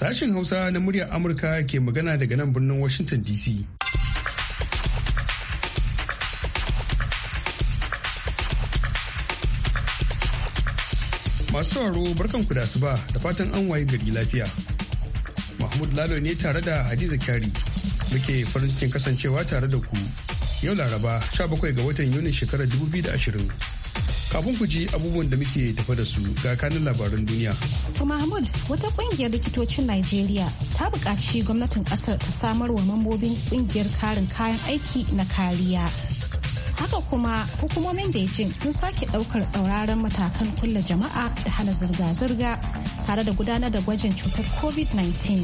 Sashen Hausa na muryar Amurka ke magana daga nan birnin Washington DC. Masu sauraro ku da su ba da fatan an waye gari lafiya. Mahmud Lalo ne tare da Hadiza Kyari muke farin cikin kasancewa tare da ku. Yau Laraba 17 ga watan Yuni shekarar 2020. Kafin ku ji abubuwan da muke tafa da su ga kanin labaran duniya. To Mahmud, wata kungiyar likitocin Najeriya ta buƙaci gwamnatin ƙasar ta samar wa mambobin kungiyar karin kayan aiki na kariya. Haka kuma hukumomin Beijing sun sake ɗaukar tsauraran matakan kulle jama'a da hana zirga-zirga tare da gudanar da gwajin cutar COVID-19.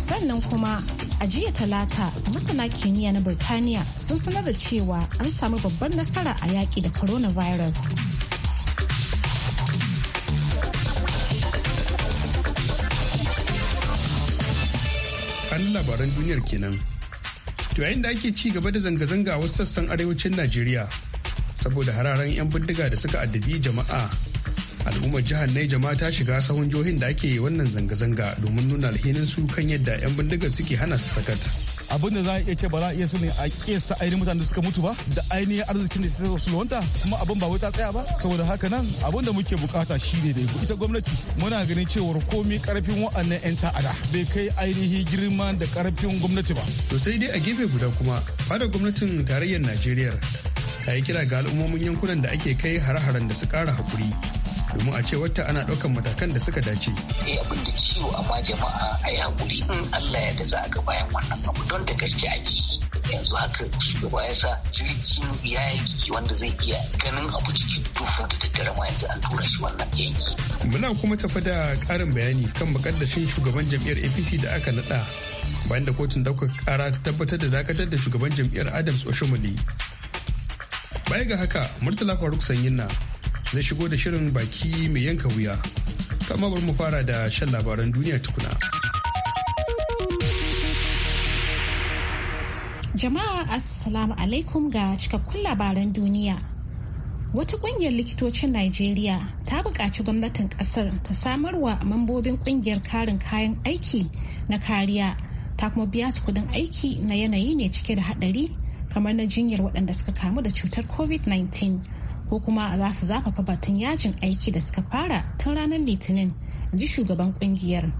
Sannan kuma A jiya talata masana kimiyya na Birtaniya sun sanar da cewa an samu babbar nasara a yaƙi da coronavirus. An labaran duniyar kenan. To yayin da ake ci gaba da zanga-zanga wasu sassan arewacin Najeriya saboda hararen 'yan bindiga da suka addabi jama'a al'ummar jihar Neja ma ta shiga sahun jihohin da ake wannan zanga-zanga domin nuna alhinin su kan yadda 'yan bindigar suke hana su sakat. abin da za a iya ce ba za a iya sani ne a kiyasta ainihin mutanen da suka mutu ba da ainihin arzikin da ta sulwanta kuma abin ba wai ta tsaya ba saboda haka nan abin da muke bukata ne da ita gwamnati muna ganin cewar komai karfin wa'annan 'yan ta'ada bai kai ainihi girma da karfin gwamnati ba. to sai dai a gefe guda kuma fadar gwamnatin tarayyar najeriya ta yi kira ga al'ummomin yankunan da ake kai hare-haren da su kara hakuri domin a ce wata ana ɗaukan matakan da suka dace. Eh abin da ciwo amma jama'a a yi hakuri in Allah ya da za a ga bayan wannan abu don da gaske ake yanzu haka shugaba ya sa jirgin yaki wanda zai iya ganin abu cikin duhu da daddare ma yanzu an tura shi wannan yanki. Muna kuma tafi da ƙarin bayani kan muƙaddashin shugaban jam'iyyar APC da aka naɗa bayan da kotun ɗaukar ƙara ta tabbatar da dakatar da shugaban jam'iyyar Adams Oshomoli. Baya ga haka Murtala Faruk Sanyin na zai shigo da shirin baki mai yanka wuya. Kama bar mu fara da shan labaran duniya tukuna. Jama'a Assalamu alaikum ga cikakkun labaran duniya. Wata ƙungiyar likitocin Najeriya ta buƙaci gwamnatin ƙasar ta samarwa mambobin ƙungiyar karin kayan aiki na kariya ta kuma biya su kudin aiki na yanayi mai cike da haɗari kamar na jinyar waɗanda suka kamu da cutar COVID-19. ko kuma za su zafafa batun yajin aiki da suka fara tun ranar litinin ji shugaban kungiyar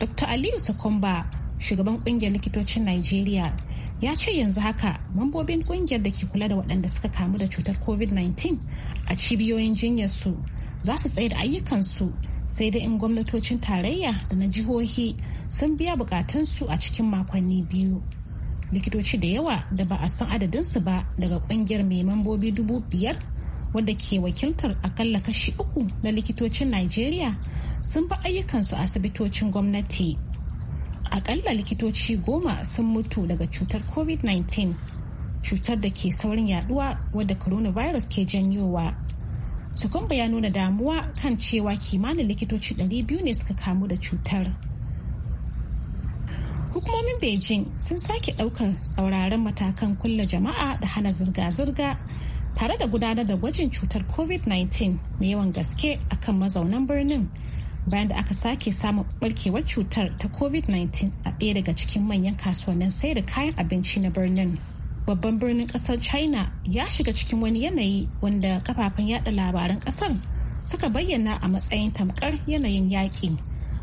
dr aliyu sakomba shugaban kungiyar likitocin nigeria ya ce yanzu haka mambobin kungiyar da ke kula da waɗanda suka kamu da cutar covid-19 a cibiyoyin jinyarsu za su tsaye da ayyukansu sai dai in gwamnatocin tarayya da na jihohi sun biya bukatunsu a cikin makonni biyu likitoci da yawa da ba a san adadinsu ba daga kungiyar mai mambobi dubu biyar wadda ke wakiltar akalla kashi uku na likitocin Najeriya sun ba ayyukansu asibitocin gwamnati. Akalla likitoci goma sun mutu daga cutar COVID-19, cutar da ke saurin yaduwa wadda coronavirus ke janyowa. Sukumba ya nuna damuwa kan cewa kimanin likitoci 200 ne suka kamu da cutar. Hukumomin Beijing sun sake ɗaukar tsauraran matakan kulle jama'a da hana zirga-zirga tare da gudanar da gwajin cutar covid-19 mai yawan gaske a kan mazaunan birnin bayan da aka sake samun barkewar cutar ta covid-19 a ɗaya daga cikin manyan kasuwannin sai da kayan abinci na birnin babban birnin ƙasar china ya shiga cikin wani yanayi wanda kafafen yada labaran ƙasar suka bayyana a matsayin tamkar yanayin yaƙi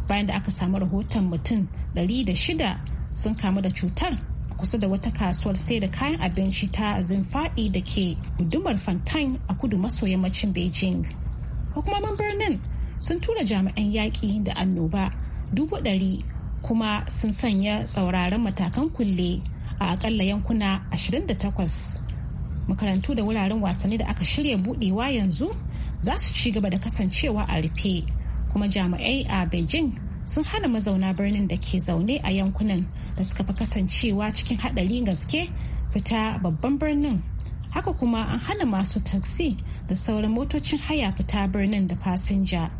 bayan da aka samu rahoton mutum 600 sun kamu da cutar kusa da wata kasuwar sai da kayan abinci ta zinfaɗi da ke gudumar fantain a kudu maso yammacin Beijing. Hukumomin birnin sun tura jami'an yaƙi da annoba dubu ɗari kuma sun sanya tsauraran matakan kulle a akalla yankuna 28. Makarantu da wuraren wasanni da aka shirya budewa yanzu za su ci gaba da kasancewa a rufe kuma jami'ai a Beijing sun hana mazauna birnin da ke zaune a yankunan da suka fi kasancewa cikin haɗarin gaske fita babban birnin haka kuma an hana masu taksi da sauran motocin haya fita birnin da fasinja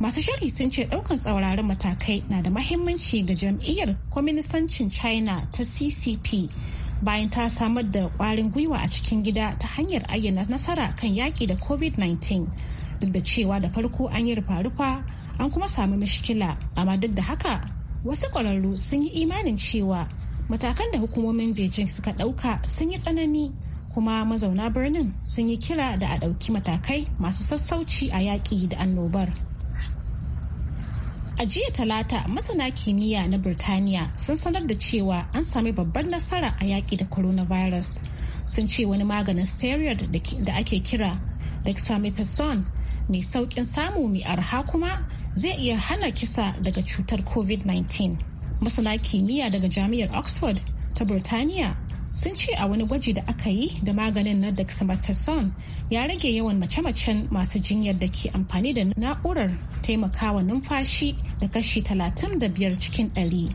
masu sharhi sun ce ɗaukan tsauraran matakai na da mahimmanci ga jam'iyyar kwaministancin china ta ccp bayan ta samar da ƙwarin gwiwa a cikin gida ta hanyar ayyana nasara kan yaƙi da covid-19 duk da cewa da farko an yi rufa-rufa an kuma sami mishkila amma duk da haka wasu ƙwararru sun yi imanin cewa matakan da hukumomin beijing suka ɗauka sun yi tsanani kuma mazauna birnin sun yi kira da a ɗauki matakai masu sassauci a yaƙi da annobar a jiya talata masana kimiyya na birtaniya sun sanar da cewa an sami babbar nasara a yaƙi da coronavirus sun ce wani maganin steroid da ake kira dexamethasone mai sauƙin samu mai arha kuma zai iya hana kisa daga cutar covid-19 masana kimiyya daga jami'ar oxford ta burtaniya sun ce a wani gwaji da aka yi da maganin na dexamethasone ya rage yawan mace-macen masu jinyar da ke amfani da na'urar taimakawa numfashi da kashi 35 cikin 100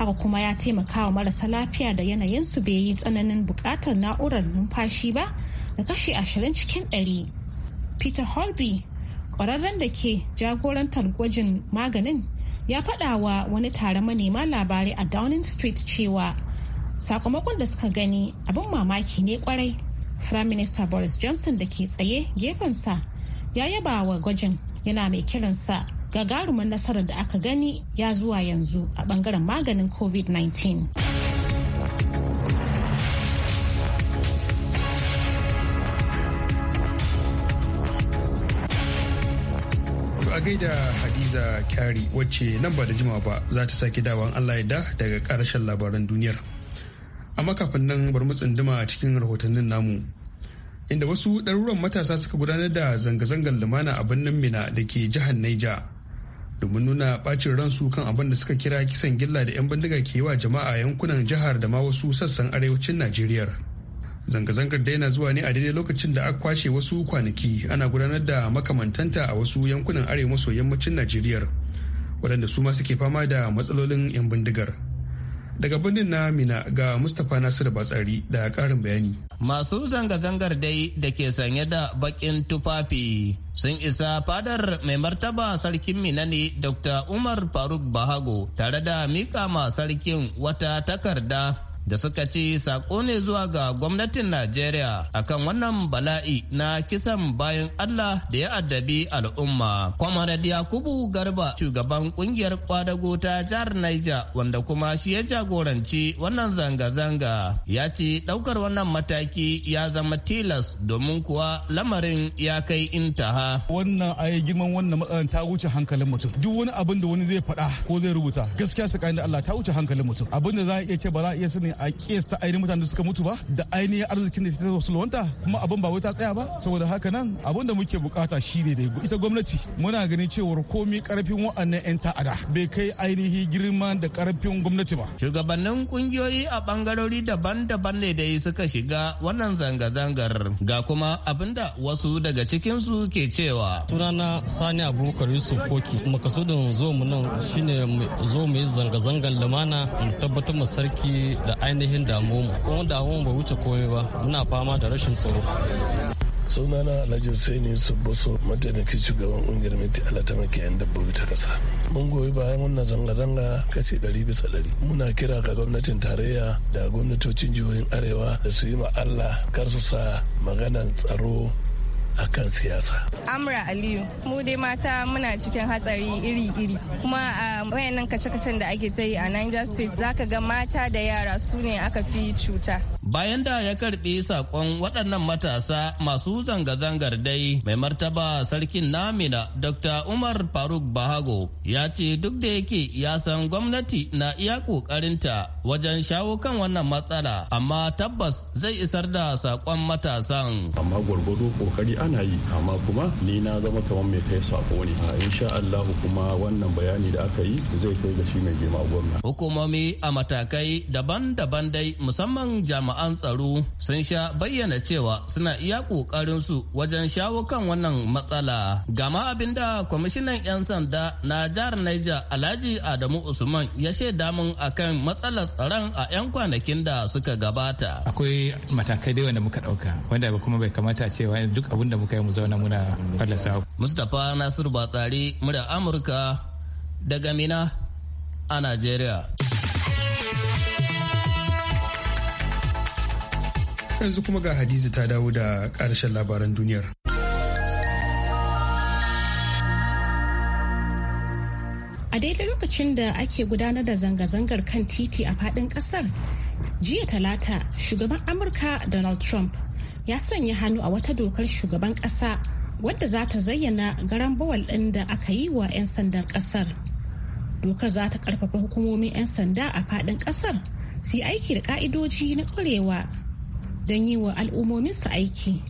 haka kuma ya taimakawa marasa lafiya da yanayinsu bai yi tsananin buƙatar na'urar numfashi ba da kashi 20 cikin 100 peter holby kwararren da ke jagorantar gwajin maganin ya faɗa wa wani tare manema labarai a downing street cewa sakamakon da suka gani abin mamaki ne kwarai prime minister boris johnson da ke tsaye gefensa ya yaba wa gwajin yana mai kiransa gagarumin nasarar da aka gani ya zuwa yanzu a bangaren maganin covid-19 a gaida hadiza kyari wacce nan ba da jima ba za ta sake dawan allah ya da daga karashen labaran duniyar amma kafin nan bar mu a cikin rahotannin namu inda wasu ɗaruran matasa suka gudanar da zanga-zangar lumana a birnin mina da ke jihar naija domin nuna ɓacin ransu kan abin da suka kira kisan gilla da 'yan bindiga ke wa jama'a yankunan jihar da ma wasu sassan arewacin najeriya Zanga-zangar na zuwa ne a daidai lokacin da aka kwashe wasu kwanaki ana gudanar da makamantanta a wasu yankunan arewa maso yammacin Najeriya waɗanda su ma suke fama da matsalolin 'yan bindigar. Daga birnin na Mina ga Mustapha Nasiru Batsari da ƙarin bayani. Masu zanga-zangar dai da ke sanye da baƙin tufafi sun isa fadar mai martaba sarkin Mina ne Dr. Umar Faruk Bahago tare da mika ma sarkin wata takarda da suka ce sako ne zuwa ga gwamnatin Najeriya akan wannan bala'i na kisan bayan Allah da ya addabi al'umma. Kwamarad Yakubu Garba shugaban kungiyar kwadago ta jihar Niger wanda kuma shi ya jagoranci wannan zanga-zanga ya ce ɗaukar wannan mataki ya zama tilas domin kuwa lamarin ya kai intaha. Wannan a girman wannan matsalar ta wuce hankalin mutum. Duk wani abin da wani zai faɗa ko zai rubuta gaskiya su da Allah ta wuce hankalin mutum. Abin da za a iya ce ba za a iya sani ne a kiyasta ainihin mutanen da suka mutu ba da ainihin arzikin da ta sulwanta kuma abin ba wai ta tsaya ba saboda haka nan abin da muke bukata shine da ita gwamnati muna ganin cewa komi karfin wa'annan 'yan ta'ada bai kai ainihin girma da karfin gwamnati ba. Shugabannin kungiyoyi a bangarori daban-daban ne da suka shiga wannan zanga-zangar ga kuma abinda wasu daga cikinsu ke cewa. Sunana Sani Abubakar Yusuf Koki makasudin zo mu nan shine zo mu yi zanga-zangar lumana mu tabbatar mu sarki da ainihin damuwa kuma damuwa bai wuce komai ba muna fama da rashin tsaro sunana alhaji husaini subboso mataimakin shugaban kungiyar minti ala alata makiyayin dabbobi ta kasa mun goyi bayan wannan zanga-zanga kashi ɗari bisa ɗari muna kira ga gwamnatin tarayya da gwamnatocin jihohin arewa da su yi ma'alla kar su sa maganan tsaro akan siyasa. Amra Aliyu, mu dai mata muna cikin hatsari iri-iri. Kuma a wayannan kashe-kashen da ake ta yi a Niger State za ka ga mata da yara su ne aka fi cuta. Bayan da ya karbi sakon waɗannan matasa masu zanga-zangar dai mai martaba sarkin namina Dr. Umar Faruk Bahago ya ce duk da yake ya san gwamnati na iya ƙoƙarinta wajen shawo kan wannan matsala amma tabbas zai isar da sakon matasan amma gwargwado kokari ana yi amma kuma ni na zama kamar mai kai sako ne insha Allah kuma wannan bayani da aka yi zai kai ga shi mai girma gwamna hukumomi a matakai daban-daban dai musamman jami'an tsaro sun sha bayyana cewa suna iya kokarin su wajen shawo kan wannan matsala gama abin da kwamishinan 'yan sanda na jihar Niger Alhaji Adamu Usman ya shaida mun akan matsalar tsaron a 'yan kwanakin da suka gabata. Akwai matakai da wanda muka ɗauka wanda kuma bai kamata cewa duk abin da muka yi mu zauna muna fallasa. Mustapha Nasir Batsari murya Amurka daga Mina a Najeriya. Yanzu kuma ga Hadiza ta dawo da ƙarshen labaran duniyar. a daidai lokacin da ake gudanar da zanga-zangar kan titi a faɗin ƙasar jiya talata shugaban amurka donald trump ya sanya hannu a wata dokar shugaban ƙasa wadda za ta zayyana garan bawal ɗin da aka yi wa 'yan sandan ƙasar dokar za ta ƙarfafa hukumomin 'yan sanda a faɗin ƙasar su yi aiki da ƙa'idoji na ƙwarewa don yi wa al'ummominsu aiki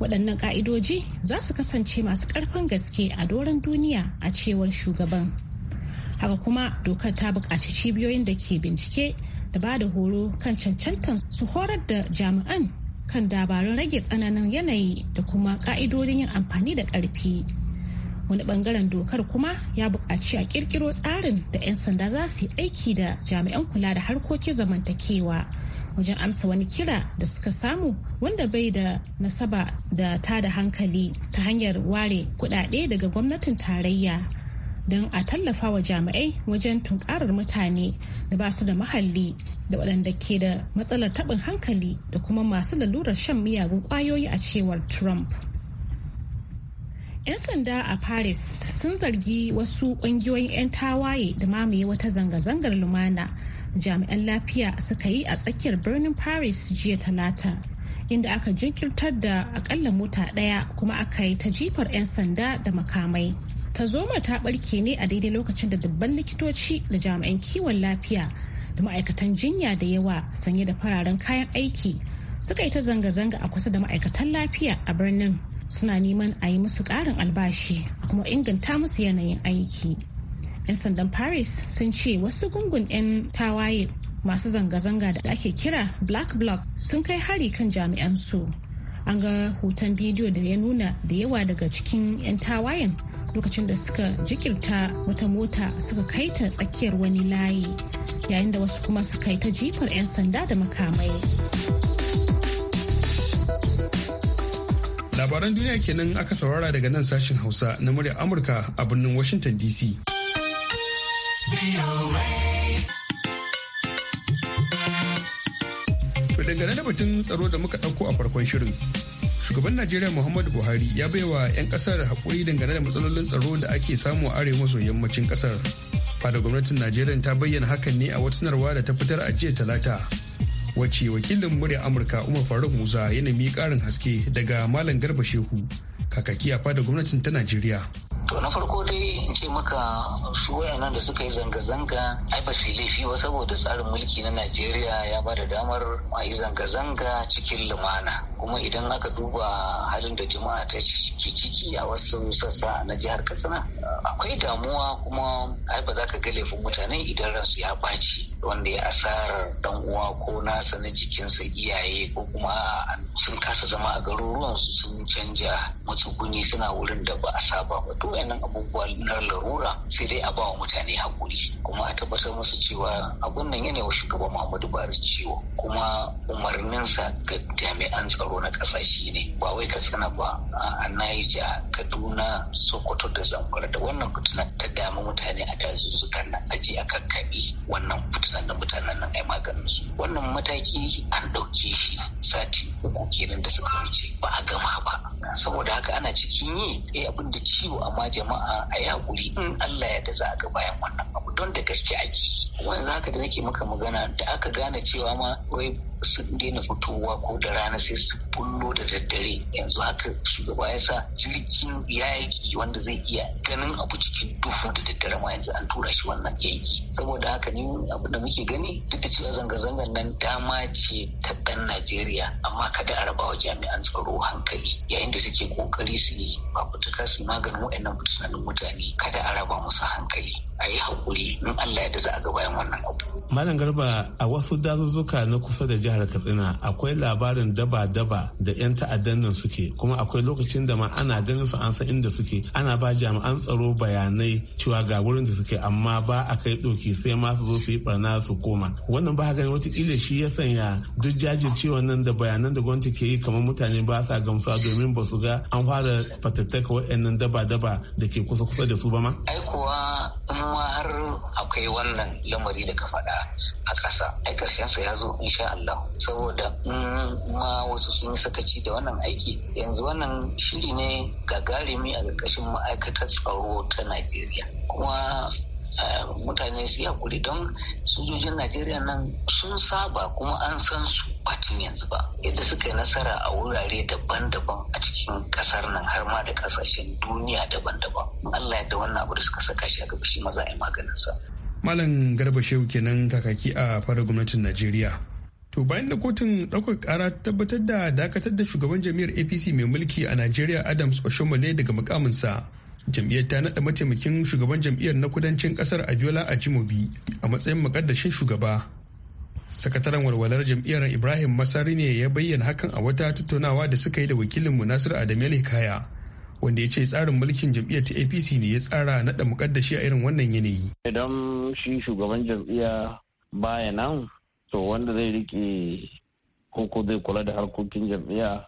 waɗannan ƙa'idoji za su kasance masu ƙarfin gaske a doron duniya a cewar shugaban. haka kuma dokar ta buƙaci cibiyoyin da ke bincike da ba da horo kan cancantar su horar da jami'an kan dabarun rage tsananin yanayi da kuma ka'idodin yin amfani da ƙarfi wani bangaren dokar kuma ya buƙaci a ƙirƙiro tsarin da 'yan sanda za su yi aiki da jami'an kula da harkokin zamantakewa wajen amsa wani kira da suka samu wanda bai da nasaba da ta da hankali ta hanyar ware kuɗaɗe daga gwamnatin tarayya don a tallafa wa jami'ai wajen tunkarar mutane da ba su da mahalli da waɗanda ke da matsalar taɓin hankali da kuma masu lalurar shan miyagun ƙwayoyi a cewar trump 'yan sanda a paris sun zargi wasu ƙungiyoyin 'yan tawaye da mamaye wata zanga-zangar lumana jami'an lafiya suka yi a tsakiyar birnin paris jiya talata inda aka jinkirtar da akalla mota ɗaya kuma aka yi ta jifar 'yan sanda da makamai ta tazoma ta barke ne a daidai lokacin da dubban likitoci da jami'an kiwon lafiya da ma'aikatan jinya da yawa sanye da fararen kayan aiki suka yi ta zanga-zanga a kusa da ma'aikatan lafiya a birnin suna neman a yi musu ƙarin albashi a kuma inganta musu yanayin aiki 'yan sandan paris sun ce wasu gungun 'yan tawaye masu zanga-zanga da ake kira black block sun kai hari kan jami'an su an ga hoton bidiyo da ya nuna da yawa daga cikin 'yan tawayen lokacin da suka jikirta wata mota suka kai ta tsakiyar wani layi yayin da wasu kuma suka yi ta jifar 'yan sanda da makamai. Labaran duniya kenan aka saurara daga nan sashen Hausa na murya Amurka a birnin Washington DC. dangane da batun tsaro da muka ɗauko a farkon shirin shugaban najeriya muhammadu buhari ya bai wa 'yan kasar haƙuri dangane da matsalolin tsaro da ake samu a arewa maso yammacin kasar fada gwamnatin najeriya ta bayyana hakan ne a wata sanarwa da ta fitar a jiya talata wacce wakilin murya amurka umar faruk musa yana mi karin haske daga malam garba shehu kakaki a fada gwamnatin ta najeriya to na farko dai in ce maka su wayannan da suka yi zanga-zanga ai ba su yi laifi ba saboda tsarin mulki na najeriya ya ba da damar a yi zanga-zanga cikin lumana kuma idan aka duba halin da jama'a ta ke ciki a wasu sassa na jihar katsina akwai damuwa kuma ai ba za ka ga laifin mutane idan ransu ya ɓaci wanda ya asarar dan uwa ko nasa na jikinsa iyaye ko kuma sun kasa zama a garuruwan su sun canja matsuguni suna wurin da ba a saba ba to wayannan abubuwa na larura sai dai a ba wa mutane hakuri kuma a tabbatar musu cewa abun nan yana wa shugaban Muhammadu Buhari ciwo kuma umarninsa ga jami'an tsaro na kasashe ne ba wai Katsina ba a Niger Kaduna Sokoto da Zamfara da wannan fitina ta dama mutane a dazuzzukan nan aji a kakkaɓe wannan fitina sanar da mutanen nan ai maganin su wannan mataki an ɗauke shi sati uku kenan da suka wuce ba a gama ba saboda haka ana cikin yi ɗaya eh, abin da ciwo amma jama'a a ya hakuri in Allah ya da za a ga bayan wannan abu don da gaske ake wani zaka da nake maka magana da aka gane cewa ma wai sun daina fitowa ko da rana sai su bullo da daddare yanzu haka shugaba ya sa jirgin yaki wanda zai iya ganin abu cikin duhu da daddare ma yanzu an tura shi wannan yanki saboda haka ni abu da muke gani duk da cewa zanga-zangar nan dama ce ta ɗan Najeriya amma kada a rabawa jami'an tsaro hankali yayin da suke kokari su yi fafutuka su maganin waɗannan mutanen mutane kada a raba musu hankali a yi haƙuri in Allah ya da za a ga bayan wannan abu. Malam Garba a wasu dazuzzuka na kusa da jihar jihar katsina akwai labarin daba-daba da 'yan ta'addan nan suke kuma akwai lokacin da ma ana ganin su an san inda suke ana ba jami'an tsaro bayanai cewa ga wurin da suke amma ba a kai doki sai ma su zo su yi barna su koma wannan ba gani kila shi ya sanya duk jajircewa nan da bayanan da gwamnati ke yi kamar mutane ba sa gamsuwa domin ba su ga an fara fatattaka waɗannan daba-daba da ke kusa-kusa da su ba ma. ai kuwa in har akwai wannan lamari da ka faɗa a ƙasa ai ya zo insha Allah saboda in ma wasu sun yi sakaci da wannan aiki yanzu wannan shiri ne gagarumi a ƙarƙashin ma'aikatar tsaro ta Najeriya kuma eh, mutane su hakuri don sojojin najeriya nan sun saba kuma an san su batun yanzu ba yadda suka yi nasara a wurare daban-daban a cikin ƙasar nan har ma da ƙasashen duniya daban-daban allah ya da wannan abu da suka saka shi a gaba shi maza a maganinsa Malam Garba Shehu kenan kakaki a fara gwamnatin Najeriya. To bayan da kotun ɗaukar ƙara tabbatar da dakatar da shugaban jam'iyyar APC mai mulki a Najeriya Adams Oshomole daga mukaminsa. Jam'iyyar ta naɗa mataimakin shugaban jam'iyyar na kudancin ƙasar Abiola Ajimobi a matsayin makaddashin shugaba. Sakataren walwalar jam'iyyar Ibrahim Masari ne ya bayyana hakan a wata tattaunawa da suka yi da wakilin Munasir Adamele Kaya. wanda ya ce tsarin mulkin jam'iyyar ta apc ne ya tsara naɗa mukaddashi a irin wannan yanayi idan shi shugaban jam'iyya baya nan to wanda zai rike koko zai kula da harkokin jam'iyya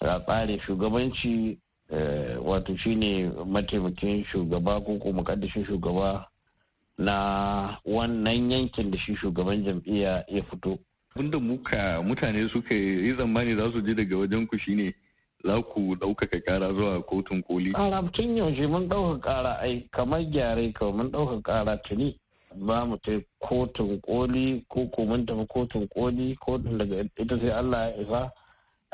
a tsare shugabanci eh, wato shine mataimakin shugaba koko mukaddashin shugaba na wannan yankin da shi shugaban jam'iyya ya fito abinda muka mutane suka yi zamani za su je daga wajen ku shine za ku ɗaukaka ƙara zuwa kotun koli? Ƙara tun yaushe mun ɗauka ƙara ai kamar gyare kawai mun ɗauka ƙara tuni. Ba mu ta kotun koli ko ko mun tafi kotun koli kotun daga ita sai Allah ya isa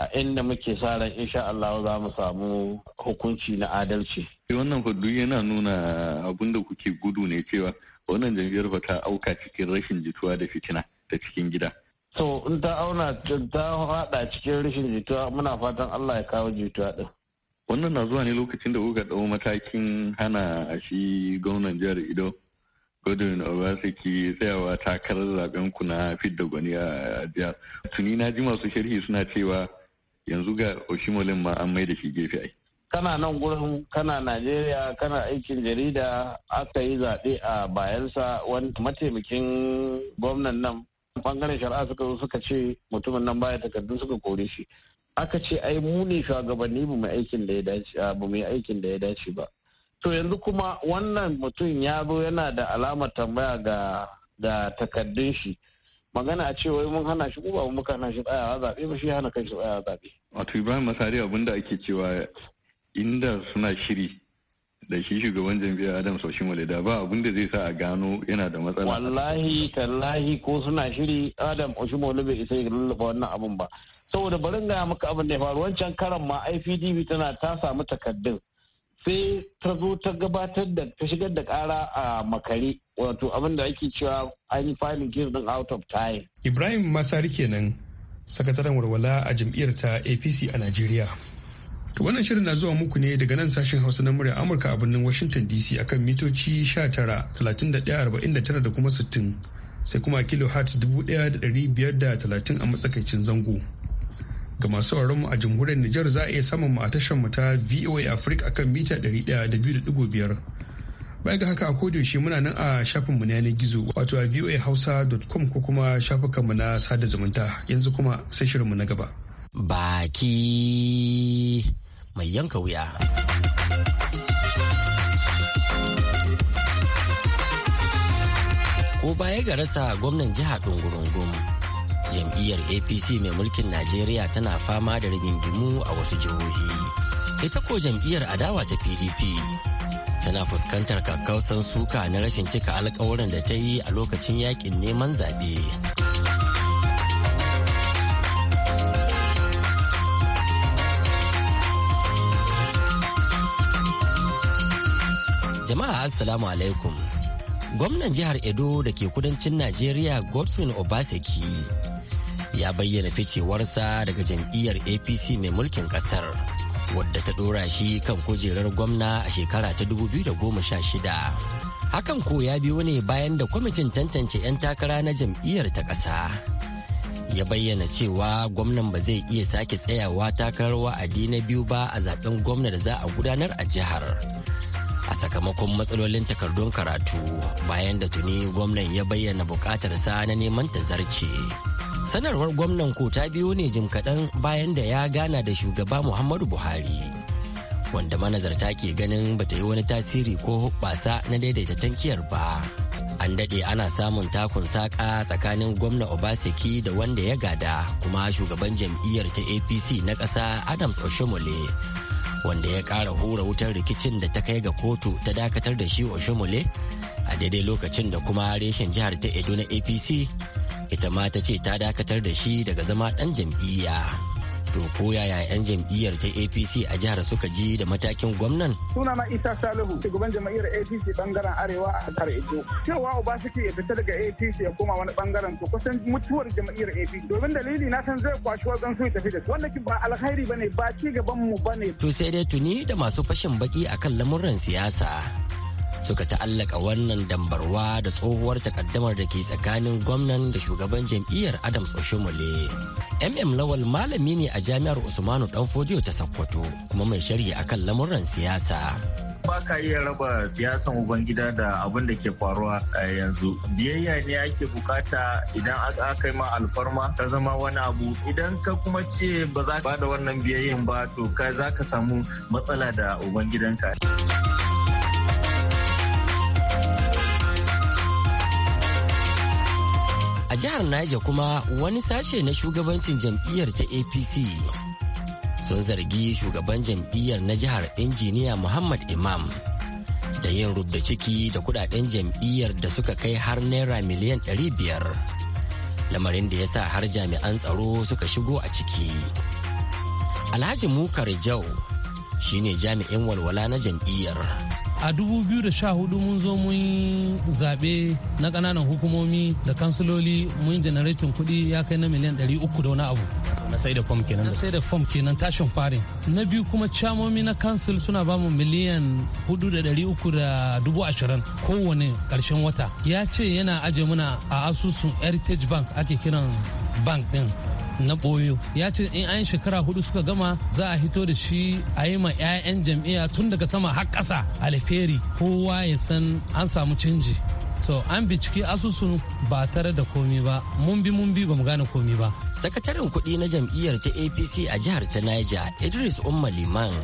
a inda muke sa ran insha Allah za mu samu hukunci na adalci. Sai eh, wannan hudu yana nuna abin da kuke gudu ne cewa wannan jam'iyyar ba ta auka cikin rashin jituwa da fitina ta cikin gida. to in ta auna ta hada cikin rashin jituwa muna fatan allah ya kawo jituwa din wannan na zuwa ne lokacin da kuka ɗau matakin hana shi gwamnan jihar ido godwin obaseki tsayawa takarar zaben ku na fidda gwani a jihar tuni na ji masu sharhi suna cewa yanzu ga oshimolin ma an mai da shi gefe ai kana nan gurin kana najeriya kana aikin jarida aka yi zaɓe a bayansa wani mataimakin gwamnan nan bangaren shari'a suka zo suka ce mutumin nan baya takardu suka kore shi aka ce ai mu ne shugabanni ba mu aikin da ya dace ba mu aikin da ya dace ba to yanzu kuma wannan mutum ya zo yana da alamar tambaya ga ga takardun shi magana a ce wai mun hana shi ko ba muka hana shi tsayawa zaɓe ba shi hana kai shi tsayawa zaɓe wato ibrahim masari abinda ake cewa inda suna shiri da shi shugaban jam'iyyar adam soshimale da ba abin da zai sa a gano yana da matsala wallahi tallahi ko suna shiri adam wani bai isa ya lullaba wannan abin ba saboda barin gaya muka abin da ya faru wancan karan ma ipdb tana ta samu takaddun sai ta zo ta gabatar da ta shigar da kara a makare wato abin da ake cewa an yi filing case din out of time ibrahim masari kenan sakataren walwala a jam'iyyar ta apc a najeriya To wannan shirin na zuwa muku ne daga nan sashen Hausa na murya Amurka a birnin Washington DC akan mitoci 19,31,49 da kuma 60 sai kuma kilo hertz 1,530 a matsakaicin zango. Ga masu mu a jamhuriyar Nijar za a iya saman mu a tashar mu ta VOA Africa akan mita da 100.5. Bai ga haka a shi muna nan a shafin mu na yanar gizo wato a voahausa.com ko kuma shafukanmu na sada zumunta yanzu kuma sai mu na gaba. Baki mai yanka wuya. Ko baya ga rasa gwamnan jiha ɗungurungun jam'iyyar APC mai mulkin Najeriya tana fama da rigingimu a wasu jihohi. Ita ko jam'iyyar adawa ta PDP tana fuskantar kakkausan suka na rashin cika alkawarin da ta yi a lokacin yakin neman zaɓe. Jama'a Assalamu alaikum. Gwamnan jihar Edo da ke kudancin Najeriya Godwin Obaseki ya bayyana ficewarsa daga jam'iyyar APC mai mulkin kasar wadda ta dora shi kan kujerar gwamna a shekara ta 2016. Hakan ko ya biyo ne bayan da kwamitin tantance 'yan takara na jam'iyyar ta ƙasa. ya bayyana cewa gwamnan ba zai iya sake tsayawa takarar wa'adi na biyu ba a zaben gwamna da za a gudanar a jihar a sakamakon matsalolin takardun karatu bayan da tuni gwamnan ya bayyana bukatarsa na neman ta zarce. Sanarwar gwamnan ko ta biyo ne jim kaɗan bayan da ya gana da shugaba Muhammadu Buhari. Wanda manazarta ke ganin bata yi wani tasiri ko hubbasa na daidaita tankiyar ba. an daɗe ana samun takun saƙa tsakanin gwamna obaseki da wanda ya gada kuma shugaban jam'iyyar ta apc na ƙasa adams oshomole wanda ya ƙara hura wutar rikicin da ta kai ga kotu ta dakatar da shi oshomole a daidai lokacin da kuma reshen jihar ta edo na apc ita ma ta ce ta dakatar da shi daga zama ɗan jam'iyya. To ko yaya 'yan jam'iyyar ta APC a jihar suka ji da matakin gwamnan? Suna na Isa Salihu, shugaban jam'iyyar APC bangaren Arewa a jihar Edo. Cewa Obaseki ya fita daga APC ya koma wani bangaren to kusan mutuwar jam'iyyar APC. Domin dalili na san zai kwashi wajen su tafi da su. Wanda ba alkhairi bane ba ci gaban mu bane. To sai dai tuni da masu fashin baki akan lamuran siyasa. suka ta'allaka wannan dambarwa da tsohuwar takaddamar da ke tsakanin gwamnan da shugaban jam'iyyar adams oshomole mm lawal malami ne a jami'ar usmanu fodiyo ta sakkwato kuma mai sharhi akan lamuran siyasa ba ka iya raba siyasan ubangida da abin da ke faruwa a yanzu biyayya ne ake bukata idan aka kai ma alfarma ka zama wani abu idan ka kuma ce ba za ka ba wannan biyayyan ba to ka za ka samu matsala da ubangidanka. a jihar Niger kuma wani sashe na shugabancin jam'iyyar ta apc sun zargi shugaban jam'iyyar na jihar injiniya muhammad imam da yin rubda ciki da kudaden jam'iyyar da suka kai har naira miliyan 500 lamarin da ya sa har jami'an tsaro suka shigo a ciki alhaji mukar jau shine jami'in walwala na jam'iyyar a 2014 mun zo mun zaɓe na ƙananan hukumomi da kansiloli mun yi janaretin kuɗi ya kai na miliyan 300 da wani abu na sai da fom kenan na sai da fom kenan tashin farin na biyu kuma camomi na kansil suna ba mu miliyan 4,320 kowane ƙarshen wata ya ce yana aje muna a asusun heritage bank ake kiran bank din na boyo ya ce in an shekara hudu suka gama za a hito da shi a yi ma 'ya'yan jam'iyya tun daga sama har ƙasa alheri kowa ya san an samu canji to an binciki asusun ba tare da komi ba mun bi mun bi ba mu gane komi ba sakataren kuɗi na jam'iyyar ta apc a jihar ta niger idris umar liman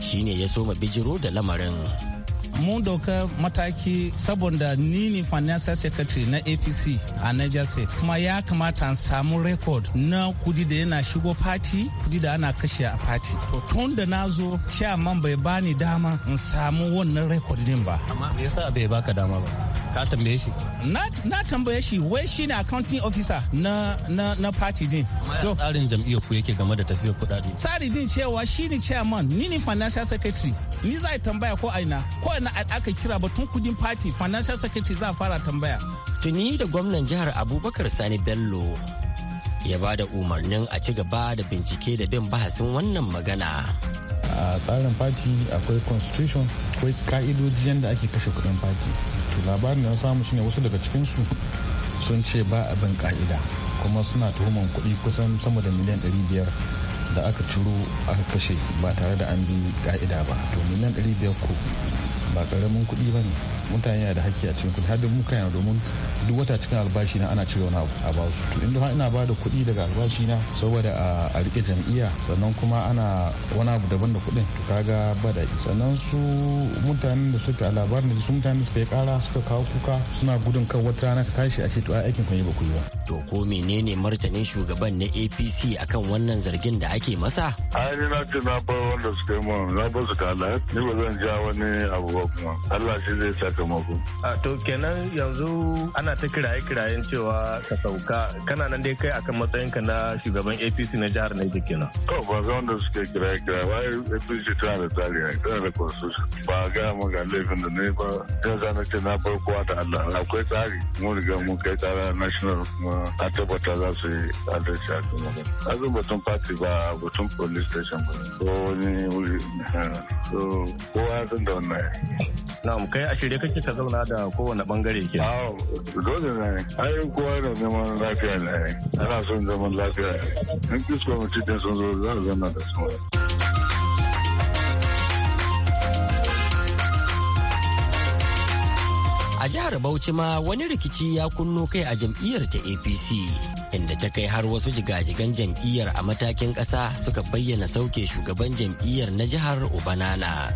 shine ya soma bijiro da lamarin mun dauka mataki saboda ni ne financial secretary na apc a niger state kuma ya kamata an samu record na kudi da yana shigo party kudi da ana kashe a party to tun da na zo chairman bai bani dama in samu wannan record din ba amma me yasa bai baka dama ba ka tambaye shi na tambaye shi wai shi ne accounting officer na na na party din to tsarin jam'iyyar ku yake game da tafiyar kudade tsari din cewa shi ne chairman ni ne financial secretary ni za tambaya ko aina ko na aka kira batun kudin fati financial secretary za a fara tambaya tuni da gwamnan jihar abubakar sani bello ya ba da umarnin a ci gaba da bincike da bin bahasin wannan magana a tsarin fati akwai constitution akwai ka'idoji yadda ake kashe kudin fati to labarin da na samu shine wasu daga cikinsu sun ce ba abin ka'ida kuma suna tuhumar kuɗi kusan sama da miliyan 500 da aka ciro aka kashe ba tare da an bi ka'ida ba to miliyan 500 ko ba karamin kuɗi ba ne mutane yana da haƙƙi a cikin kuɗi har da mu domin duk wata cikin albashi na ana cire wani abu a ba su to inda ina ba da kuɗi daga albashi na saboda a rike jam'iyya sannan kuma ana wani abu daban da kuɗin to kaga ba da sannan su mutanen da suka labarin da su mutanen suka yi ƙara suka kawo kuka suna gudun kan wata rana ta tashi a ce to aikin kun yi ba ku yi ba to ko menene martanin shugaban na APC akan wannan zargin da ake kake masa. Ai na ce na bar wanda suka yi mun na bar su kala ni ba zan ja wani abu ba kuma Allah shi zai sakamako. A to kenan yanzu ana ta kiraye kirayen cewa ka sauka kana nan dai kai akan matsayinka na shugaban APC na jihar Niger kenan. To ba zan wanda suke kiraye kiraye ba APC tana da tsari ne tana da constitution ba ga mu ga laifin da ne ba sai zana ce na bar kowa da Allah akwai tsari mun riga mun kai tsara national kuma a tabbata za su yi adalci a kan magana. Azubatun party ba a gutun police station ba ko wani wuri so kowa san da wannan mu kai a shirye kake ka zauna da kowane bangare ke a dole ne ai kowa da zaman lafiya ne ana son zaman lafiya in kisko mutum sun zo za a zama da su a jihar Bauchi ma wani rikici ya kunno kai a jam'iyyar ta APC inda ta kai har wasu jigajigan jam'iyyar a matakin ƙasa suka bayyana sauke shugaban jam'iyyar na jihar Obanana.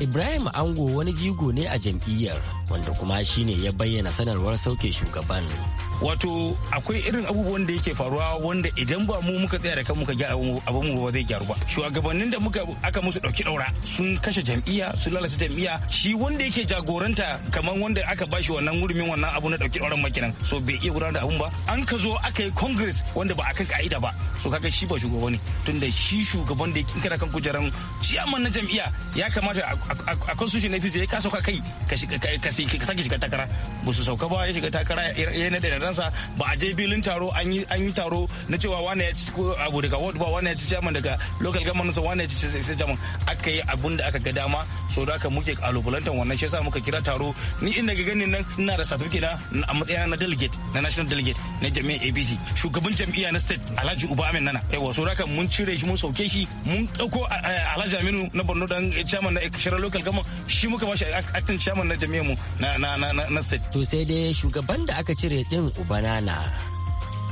Ibrahim Ango wani jigo ne a jam'iyyar wanda kuma shine ya bayyana sanarwar sauke shugaban. Wato akwai irin abubuwan da yake faruwa wanda idan ba mu muka tsaya da kan muka gyara abin mu ba zai gyaru ba. Shugabannin da muka aka musu dauki daura sun kashe jam'iyya sun lalata jam'iyya shi wanda yake jagoranta kamar wanda aka bashi wannan hurumin wannan abu na dauki dauran makinan so bai iya gudanar da abun ba an ka zo aka yi congress wanda ba a kan ka'ida ba so kaga shi ba shugaba ne tunda shi shugaban da yake kana kan kujeran chairman na jam'iyya ya kamata a constitution na fisa ya ka sauka kai ka sake shiga takara ba su sauka ba ya shiga takara ya naɗe da ransa ba a je filin taro an yi taro na cewa wane ya ci abu daga ward ba wane ya ci chairman daga local government wane ya ci sai jaman aka yi abun da aka ga dama so da aka muke kalubalantar wannan shi yasa muka kira taro ni inda ga ganin nan ina da certificate na a matsayin na delegate na national delegate na jami'ar abc shugaban jam'iyya na state alhaji uba amin nana yawa so mun cire shi mun sauke shi mun dauko alhaji aminu na borno dan chairman na shirar local government shi muka bashi acting chairman na jami'ar mu na na na state to sai dai shugaban da aka cire din ubanana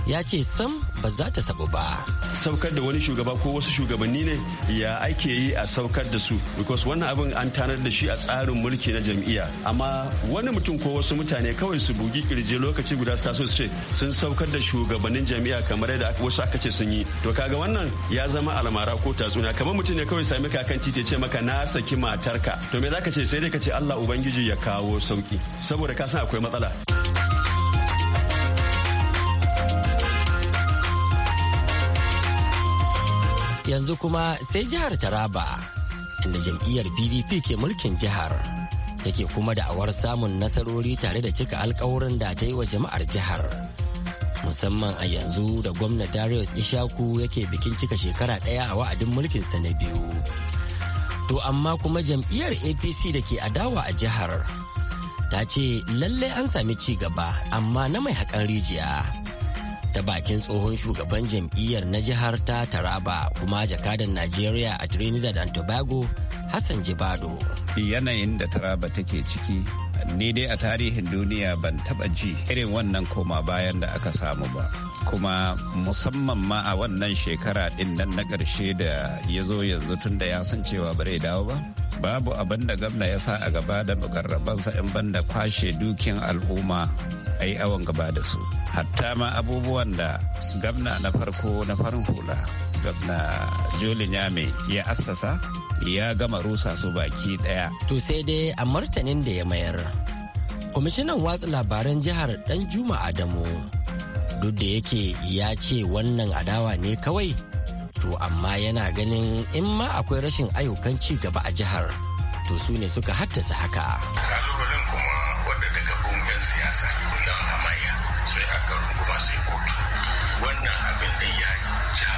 ya ce sam ba za ta sabu ba. Saukar da wani shugaba ko wasu shugabanni ne ya ake yi a saukar da su because wannan abin an tanar da shi a tsarin mulki na jam'iyya amma wani mutum ko wasu mutane kawai su bugi kirje lokaci guda su taso su ce sun saukar da shugabannin jam'iyya kamar yadda wasu aka ce sun yi to kaga wannan ya zama almara ko tatsuna kamar mutum ne kawai sami kakan titi ce maka na saki matarka to me za ka ce sai dai ka ce Allah ubangiji ya kawo sauki saboda ka san akwai matsala. yanzu kuma sai jihar taraba inda jam'iyyar pdp ke mulkin jihar take kuma da'awar samun nasarori tare da cika alkawuran da ta yi wa jama'ar jihar musamman a yanzu da gwamna darius ishaku yake bikin cika shekara ɗaya a wa'adin mulkinsa na biyu to amma kuma jam'iyyar apc da ke adawa a jihar ta ce lallai an sami ci gaba amma na mai haƙan rijiya ta bakin tsohon shugaban jam'iyyar na jihar ta taraba kuma jakadan najeriya a trinidad and tobago hassan jibado yanayin da taraba take ciki ni dai a tarihin duniya ban taba ji irin wannan koma bayan da aka samu ba kuma musamman ma a wannan shekara din nan na ƙarshe da ya zo yanzu tunda ya san cewa bare dawo ba babu abin da gwamna ya sa a gaba da mukarrabansa in banda kwashe dukin al'umma a yi awon gaba da su hatta ma abubuwan da gwamna na farko na farin hula gwamna julin yame ya assasa ya gama rusa su baki daya to sai dai a martanin da ya mayar kwamishinan watsa labaran jihar dan juma adamu duk da yake ya ce wannan adawa ne kawai To amma yana ganin in ma akwai rashin ayyukan ci gaba a jihar to su ne suka haddasa haka. Kalubalen kuma wanda daga gungun siyasa yan hamayya sai aka kuma sai kotu. Wannan abin da ya ja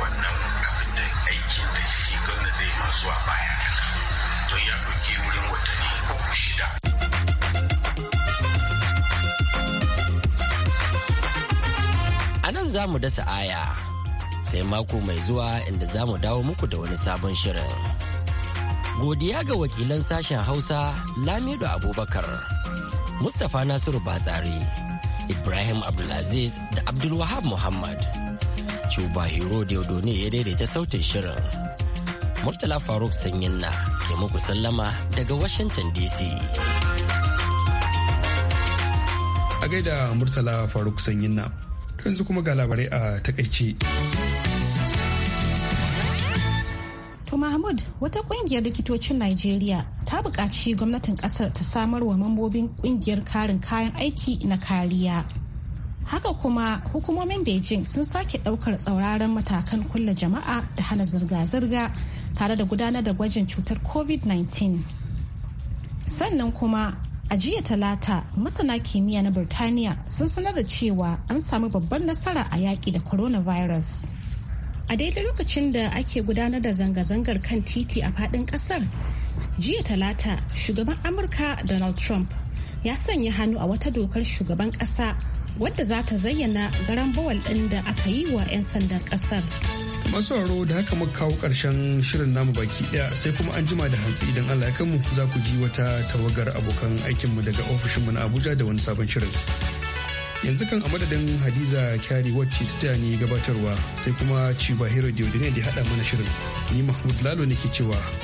wannan abin da aiki da shi gwamnati zai masu a baya. Don ya ɗauki wurin watanni uku shida. A nan za mu dasa aya. sai mako mai zuwa inda za mu dawo muku da wani sabon shirin. Godiya ga wakilan sashen Hausa Lamido Abubakar, Mustapha Nasiru Batsari, Ibrahim Abdulaziz da Abdulwahab Muhammad. Cuba Hero Deodone ya daidaita sautin shirin. Murtala Faruk Sanyin na ke muku sallama daga Washington DC. A gaida Murtala Faruk Sanyin na. yanzu kuma ga labarai a takaici. To Mahmud wata kungiyar likitocin Najeriya ta buƙaci gwamnatin ƙasar ta samar wa mambobin kungiyar karin kayan aiki na kariya. Haka kuma hukumomin Beijing sun sake ɗaukar tsauraran matakan kulle jama'a da hana zirga-zirga tare da gudanar da gwajin cutar COVID-19. Sannan kuma A jiya talata masana kimiyya na Birtaniya sun sanar da cewa an samu babban nasara a yaƙi da coronavirus. A daidai lokacin da ake gudanar da zanga-zangar kan titi a faɗin ƙasar, jiya talata shugaban Amurka Donald Trump ya sanya hannu a wata dokar shugaban ƙasa wadda za ta zayyana garan ɗin da aka yi wa 'yan sandan ƙasar. sauraro da haka muka kawo karshen shirin namu baki daya sai kuma an jima da hantsi idan allah ya kanmu za ku ji wata tawagar abokan aikinmu daga ofishinmu na abuja da wani sabon shirin yanzu kan a madadin hadiza kyari wacce ta tayani gabatarwa sai kuma cibahiro diodine da haɗa mana shirin ni mahmud lalo ne ke cewa